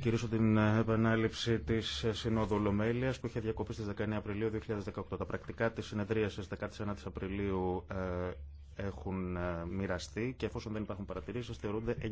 Κυρίσω την ε, επανάληψη τη ε, Συνόδου Ολομέλεια που είχε διακοπεί στι 19 Απριλίου 2018. Τα πρακτικά τη συνεδρία στι 19 Απριλίου ε, έχουν μοιραστεί και εφόσον δεν υπάρχουν παρατηρήσει θεωρούνται εγκεκριμένα.